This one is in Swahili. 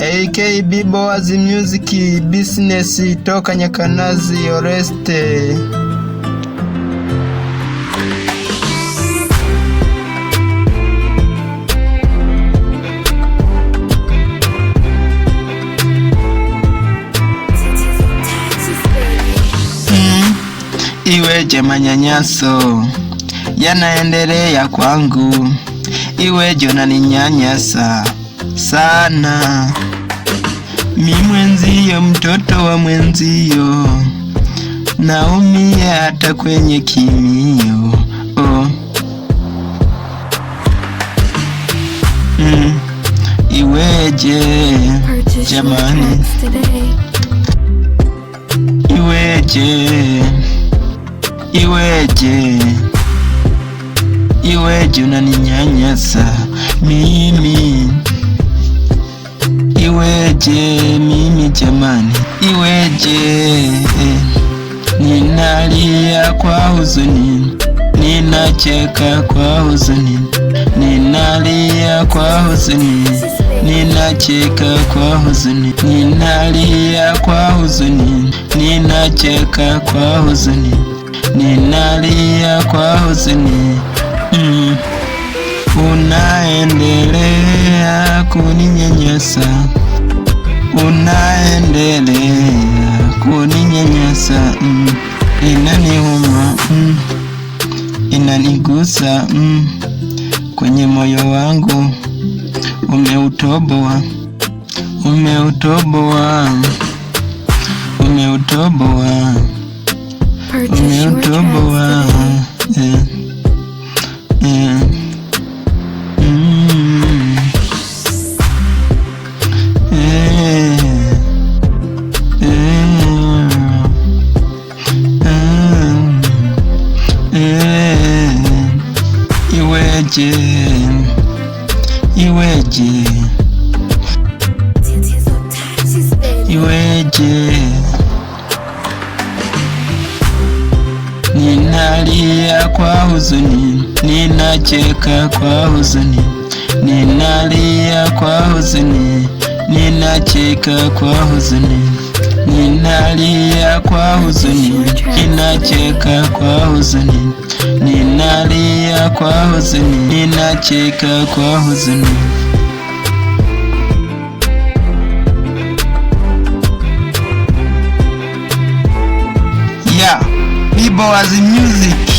AK Biboaz Music Business toka Nyakanazi Oreste. Mm, iweje manyanyaso yanaendelea kwangu, iweje unaninyanyasa sana, mi mwenzio, mtoto wa mwenzio, naumia hata kwenye kimio oh. Mm, iweje jamani, iweje, iweje iweje unaninyanyasa mimi iweje mimi jamani, iweje Ninalia kwa huzuni, ninacheka kwa huzuni, ninalia kwa huzuni, ninacheka kwa huzuni, ninalia kwa huzuni, ninacheka kwa huzuni, ninalia kwa huzuni mm. Unaendelea kuninyanyasa unaendelea kuninyanyasa mm, inaniuma mm, inanigusa mm, kwenye moyo wangu umeutoboa umeutoboa umeutoboa umeutoboa yeah. yeah. Eh, iweje, iweje, iweje, ninalia kwa huzuni, ninacheka kwa huzuni, ninalia kwa huzuni, ninacheka kwa huzuni, ninalia kwa huzuni, ninacheka kwa huzuni, ninalia kwa huzuni, ninacheka kwa huzuni. Yeah, Bibowazi Music.